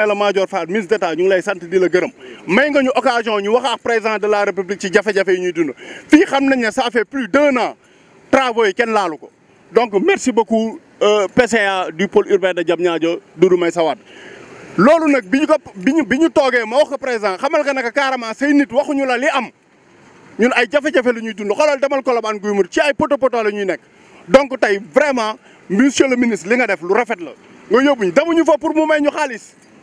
Ismaïla Major Fall ministre d'État ñu ngi lay sant di la gërëm may nga ñu occasion ñu wax ak président de la république ci jafe-jafe yi ñuy dund fii xam nañ ne ça fait plus d'un an travaux yi kenn laalu ko donc merci beaucoup euh, PCA du pôle urbain de Diamniadio Doudou Meissa Wade loolu nag bi ñu ko bi ñu bi ñu wax ko président xamal nga naka carrément sey nit waxuñu la li am ñun ay jafé jafé la ñuy dund xolal demal ko la ban guymur ci ay poto poto la ñuy nek donc tay vraiment monsieur le ministre li nga def lu rafet la nga yóbbuñu demuñu fa pour mu may ñu xaliss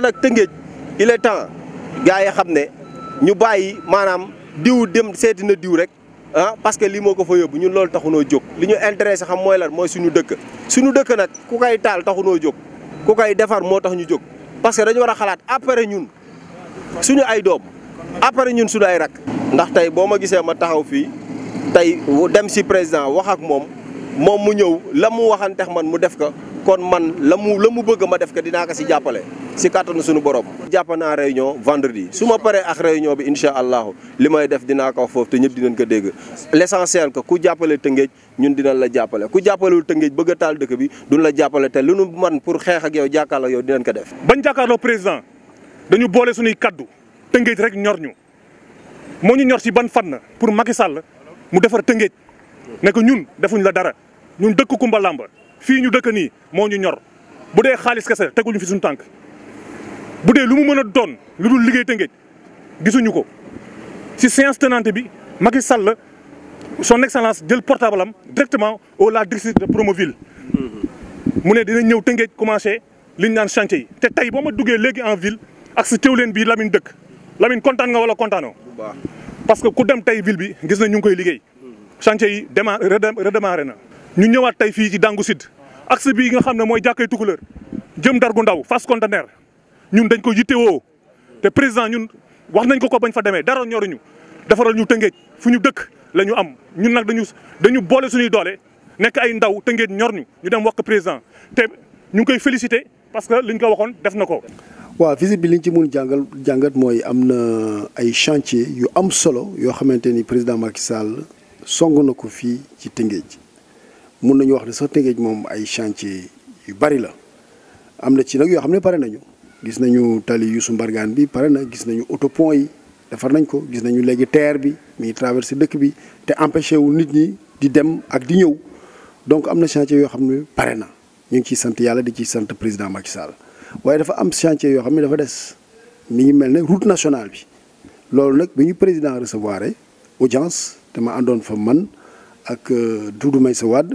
te nag Tëngéej il est temps gars yi xam ne ñu bàyyi maanaam diw dem seeti na diw rek ah parce que lii moo ko fa yóbbu ñun loolu taxunoo jóg li ñu intéressé xam mooy lan mooy suñu dëkk suñu dëkk nag ku koy taal taxunoo jóg ku koy defar moo tax ñu jóg parce que dañu war a xalaat après ñun suñu ay doom après ñun su ay rak ndax tey boo ma gisee ma taxaw fii tey dem si président wax ak moom moom mu ñëw la mu waxantex man mu def ko kon man lamu lamu bëgg ma def ka dina ka si jappalé si carton suñu borom. jàpp na réunion vendredi suma paré ak réunion bi inshallah limay def dina ka wax fofu te ñëpp dinañ ko dégg l'essentiel essentiel que ku jàppale Tëngéej ñun dinañ la jappalé ku jàppalewul Tëngéej bëgg taal dëkk bi duñ la jappalé té lu nu man pour xéx ak yow jàkkaarloo yow dinañ ko def. bañ jàkkaarloo président dañu bolé suñu kaddu Tëngéej rek ñor ñu ñu ñor si ban fan pour Macky Sall mu defar Tëngéej né ko ñun defuñ la dara ñun dëkk Kumba Lamba fii ñu dëkk nii moo ñu ñor bu dee xaalis kese teguñu fi suñu tànk bu dee lu mu mën a doon lu dul liggéey Tëngéej gisuñu ko ci séance tenante bi Macky Sall son excellence jël portable am directement au la district de Promoville mu ne dina ñëw Tëngéej commencé liñ naan chantier yi te tey boo ma duggee léegi en ville ak si Thiawlène bii Lamine dëkk lamin kontaan nga wala kontaanoo parce que ku dem tey ville bi gis na ñu ngi koy liggéey hmm. chantier yi démarré redémarré na ñu ñëwaat tey fii ci Dangu Sud axe bi nga xam ne mooy jàkkay Tukulër jëm Dargu Ndaw Fass Conteneur ñun dañ ko woo te président ñun wax nañ ko ko bañ fa demee dara ñoruñu defaral ñu tëngeej fu ñu dëkk lañu am ñun nag dañu dañu boole suñuy doole nekk ay ndaw tëngeej ñor ñu ñu dem wax ko président te ñu ngi koy félicité parce que liñ ko waxoon def na ko. waa visite bi liñ ci mun jàngal jàngat mooy am na ay chantier yu am solo yoo xamante ni président Macky Sall song na ko fii ci tëngeej. mun nañu wax ne sax Tëngéej moom ay chantier yu bari la am na ci nag yoo xam ne pare nañu gis nañu tali Youssou Mbargane bi pare na gis nañu autopont yi defar nañ ko gis nañu léegi terre bi muy traversé dëkk bi te empêché wu nit ñi di dem ak di ñëw donc am na chantier yoo xam ne pare na ñu ngi ciy sant yàlla di ciy sant président Macky Sall waaye dafa am chantier yoo xam ne dafa des mi ngi mel ne route nationale bi loolu nag bi ñu président recevoir audience dama àndoon fa man ak euh, Doudou Maïssa Wade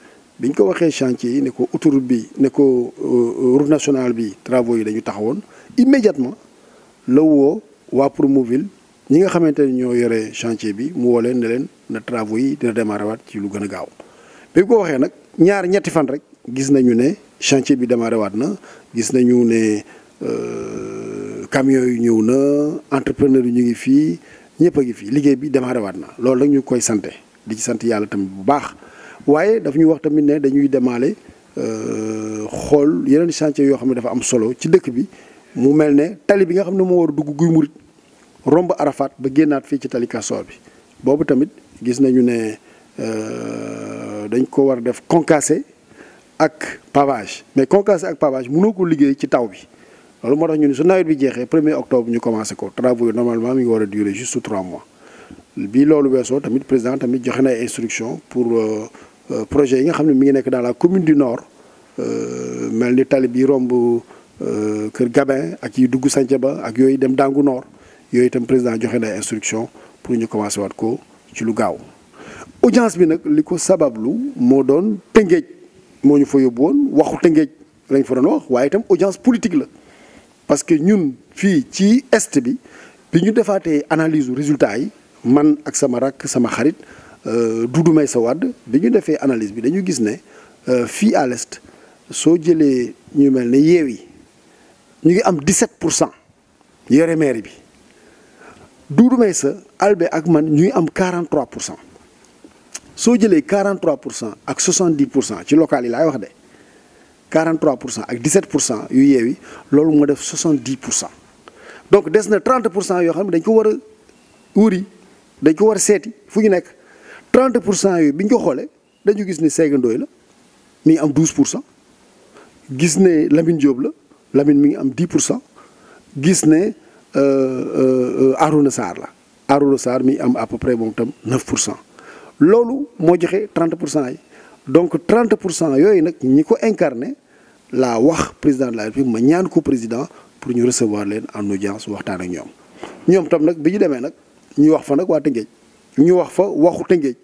biñ ko waxee chantier yi ne ko autoroute bi ne ko euh, euh, route nationale bi travaux yi dañu taxawoon immédiatement la woo waa mobile ñi nga xamante ne ñoo yore chantier bi mu woo leen ne leen na travaux yi dina démarré waat ci lu gën a gaaw bi ko waxee nag ñaar ñetti fan rek gis nañu ne chantier bi démarré waat na gis nañu ne euh, camions yu ñëw na entrepreneur yu ñu ngi fii ñëpp a ngi fii liggéey bi démarré waat na loolu nag ñu koy sante di ci sant yàlla tamit bu baax Why? daf ñuy wax tamit né dañuy euh xol yeneen chantier yo xamné dafa am solo ci dëkk bi mu tali bi nga dugg guy mourid romb Arafat ba génnaat fi ci tali bi bobu tamit gis nañu euh, dañ ko def concassé ak pavage mais concassé ak pavage mëno ko ci taw bi tax ñu su nawet bi octobre ñu commencé ko travaux normalement mi durer juste 3 mois bi tamit président tamit na pour euh, euh, projet yi nga xam mi ngi nek dans la commune du Nord euh, mel ni tali bi euh keur Gabin ak yi duggu dugg ba ak yoy dem Dangu Nord yoy tam président joxe na instruction pour ñu commencé wat ko ci lu gaaw audience bi nak liko ko sabablu mo doon Tëngéej mo ñu fa yóbbu woon waxu Tëngéej lañ fa doon wax waye tam audience politique la parce que ñun fi ci est bi bi ñu defaatee analyse résultat yi man ak sama rak sama xarit euh, Doudou Maïssa Wade bi ñu analyse bi dañu gis euh, fi à l'est so ñu ñu 17 pour cent bi Doudou Albé ak man 43 So 43 ak 70 ci local yi wax 43 ak 17 pour def 70 donc 30 pour xam dañ wuri dañ ko fu ñu 30 pour cent ko xolé dañu gis ni Seyga Ndoye la mi am 12 gis ne Lamine Diop la Lamine mi am 10 gis cent euh euh aruna sar la aruna sar mi am à peu près bon tam 9 lolu mo joxé 30 yi donc 30 yoy nak yooyu ñi ko incarné la wax président de la République ma ñaan ko président pour ñu recevoir len en audience waxtaan ak ñom ñom tam nak biñu démé nak nag ñu wax fa nak wa Tëngéej ñu wax fa waxu Tëngéej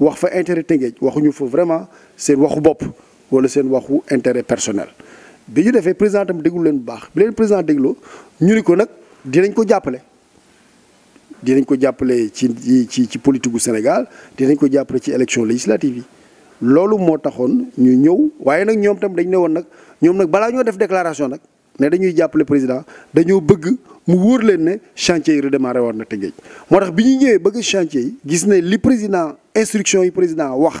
wax fa intérêt waxu ñu fa vraiment c'est waxu bop wala seen waxu intérêt personnel. bi ñu défé présentam déggul déglu leen bu bi leen président dégglo ñu ni ko nag dinañ ko jàppale. dinañ ko jappalé ci ci ci politique gu Sénégal dinañ ko jappalé ci élection législative lolu mo taxone ñu ñëw waaye nak ñom tam dañ néwon nak ñom nak bala ñoo def déclaration nak avons dañuy le président nous bëgg mu le chantier yi redémarré war na Tëngéej moo tax bi bëgg chantier yi gis ne li président instruction yi président wax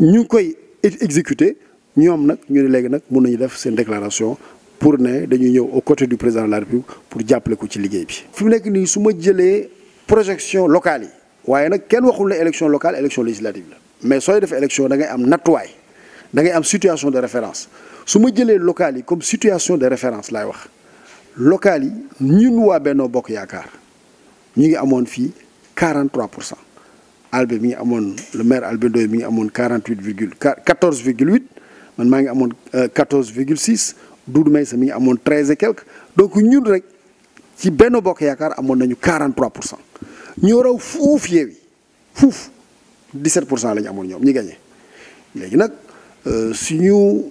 ñu koy exécuté nous avons ñu ne léegi nag mun nañu def déclaration pour ne dañuy ñëw au côté du président de la république pour jàppale ko ci liggéey bi. fi mu nekk nii projection locale yi avons nag kenn waxul ne élection locale élection législative la mais si def élection da ngay am nattuwaay da ngay am situation de référence su ma jëlee locales yi comme situation de référence laay wax locales yi ñun waa Benno Bokk Yaakaar ñu ngi amoon fii 43 pour mi ngi amoon le maire Albe Ndoye mi ngi amoon 48 virgule 14 man maa ngi amoon 14 euh, virgule Doudou Maïssa mi ngi amoon 13 et quelque donc ñun rek ci Benno Bokk Yaakaar amoon nañu 43 pour cent ñoo raw fuuf Yewwi fuuf 17 pour cent la ñu amoon ñoom ñi gagné léegi nag euh, suñu.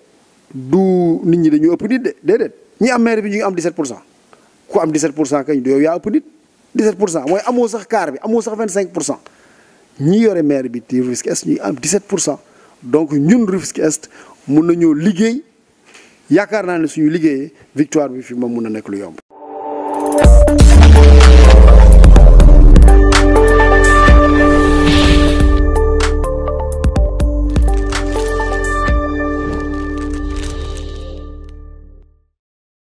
du nit ñi dañu ëpp nit de déedéet ñi am maire bi ñu ngi am 17 pour cent ku am 17 pour cent kañ du yow yaa ëpp nit 17 pour cent mooy amoo sax quart bi amoo sax 25 pour cent ñi yore maire bi ci Rufisque Est ñu am 17 pour cent donc ñun Rufisque Est mun na nañoo liggéey yaakaar naa ne suñu liggéeyee victoire bi fi ma mun a nekk lu yomb.